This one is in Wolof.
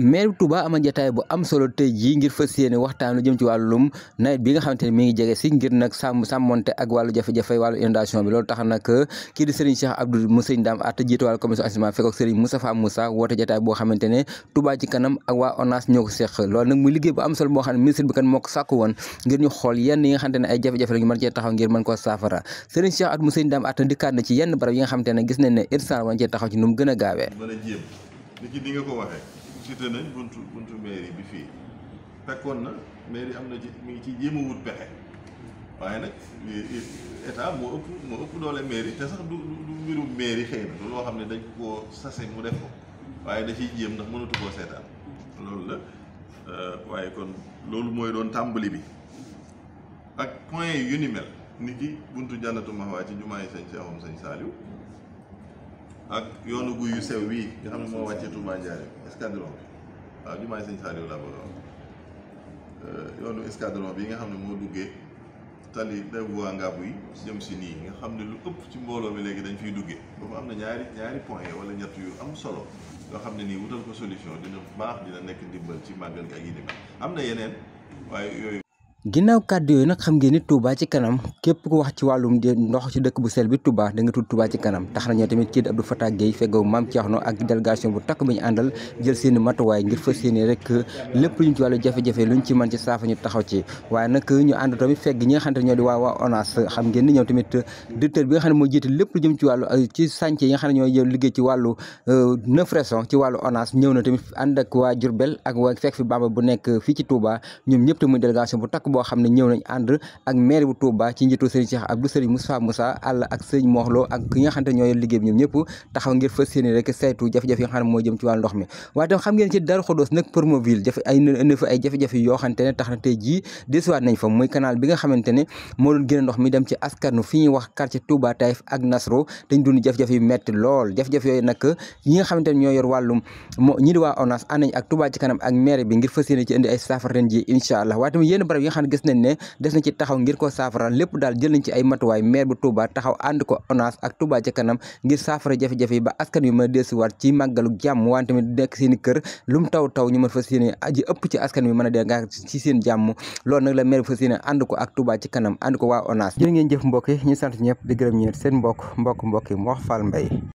maire tubaa am jataay bu am solo tey jii ngir fas yéene waxtaan lu jëm ci wàllum nawet bi nga xamante ne mi ngi jege si ngir nag sàmm sàmmonte ak wàllu jafe-jafe wàllu inondation bi loolu tax nag kii di Serigne Cheikh Abdou Moussa Ndam Atta jiite wàllu commission assainissement fekk ak Serigne Moustapha Moussa woote jataay boo xamante ne Touba ci kanam ak muy liggéey bu am solo boo xam ne ministre bi kan moo ko sàkku woon ngir ñu xool yenn yi nga xamante ne ay koo saafara Serigne Cheikh Abdou Moussa Ndam Atta dikkaat na ci yenn barab yi nga xamante ne gis nañ ne instant wañ cee taxaw ci nu mu gën cité nañ buntu buntu mairie bi fii fekkoon na mairie am na ci mi ngi ci jéem a wut pexe waaye nag état moo ëpp moo ëpp doole mairie te sax du du mbirum mairie xëy na loo xam ne dañ koo sase mu def waaye da ciy jéem ndax mënatu koo seetaan loolu la euh, waaye kon loolu mooy doon tàmbali bi ak point yu ni mel nit ki buntu jànnatu maxwaa ci jumaa yi sañ si axom sañ saaliw ak yoonu guy yu sew wii nga xam ne moo wàccee Touba Ndiarème escadron waaw jumaa yi sëñ Saliou laa euh, yoonu escadron bi nga xam ne moo duggee tali daguwaa ngaabu yi jëm si nii nga xam ne lu ëpp ci mbooloo mi léegi dañ fiy duggee boobu am na ñaari ñaari point wala ñett yu am solo yoo xam ne nii wutal ko solution dina baax dina nekk ndimbal ci màggal gi ak yi am na yeneen waaye yooyu ginnaaw kàddu yooyu nag xam ngeen ni Touba ci kanam képp ku wax ci wàllum ndox ci dëkk bu sel bi Touba da nga tudd Touba ci kanam tax na ñoo tamit kii di Abdou Fatah Guèye feggow Mame Thierno ak délégation bu takk bi ñu àndal jël seen matuwaay ngir fas yéene rek lépp luñ ci wàllu jafe-jafe ci mën ci saafa ñu taxaw ci waaye nag ñu ànd tamit fegg ñi nga xamante ñoo di waa waa xam ngeen ni tamit directeur bi nga xam ne moo jiite lépp ci wàllu ci chantier yi nga xam ne liggéey ci wàllu euh, neuf raisons ci wàllu ONAS ñëw na tamit ànd ak waa Diourbel ak waa fekk fi Bamba bu nekk fii ci Touba ñoom ñëpp te muy bu takk boo xam ne ñëw nañ ànd ak maire bu Touba ci njiitu Serigne Cheikh Abdou Serigne Moussa Moussa àll ak Serigne Moxlo ak ne ñooy liggéey bi ñoom ñëpp taxaw ngir fas yéene rek saytu jafe-jafe yi nga xam ne moo jëm ci wàllu ndox mi waaye tam xam ngeen ci Darou Khoudoss nag Promoville jafe ay ne fa ay jafe-jafe yoo na tey jii desuwaat nañ fa muy bi nga xamante ne moo doon génn ndox mi dem ci askanu fi ñuy wax quartier Touba Taïf ak Nasro dañ dund jafe-jafe yu metti lool jafe-jafe yooyu nag ñi nga xamante ne ñoo yor wàllum ñi di waa ONAS ànd nañ ak Touba ci kanam ak maire bi ngir fas yéene ci indi ay saafara ren ji incha allah waaye tamit yenn barab yi nga xam gis nañ ne des na ci taxaw ngir ko saafara lépp daal jël nañ ci ay matuwaay maire bu Touba taxaw ànd ko ONAS ak Touba ca kanam ngir saafara jafe-jafe ba askan yu mën a dellusiwaat ci màggalu jàmm waan tamit nekk seeni i kër lum taw taw ñu ma fa yéene aji ëpp ci askan wi mën a dee nga ci seen jàmm loolu nag la maire bu fas yéene ànd ko ak Touba ci kanam ànd ko waa ONAS jërë ngeen jëf mbokk yi ñu sant ñëpp di gërëm ñëpp seen mbokk mbok mbokk yi wax faal Mbaye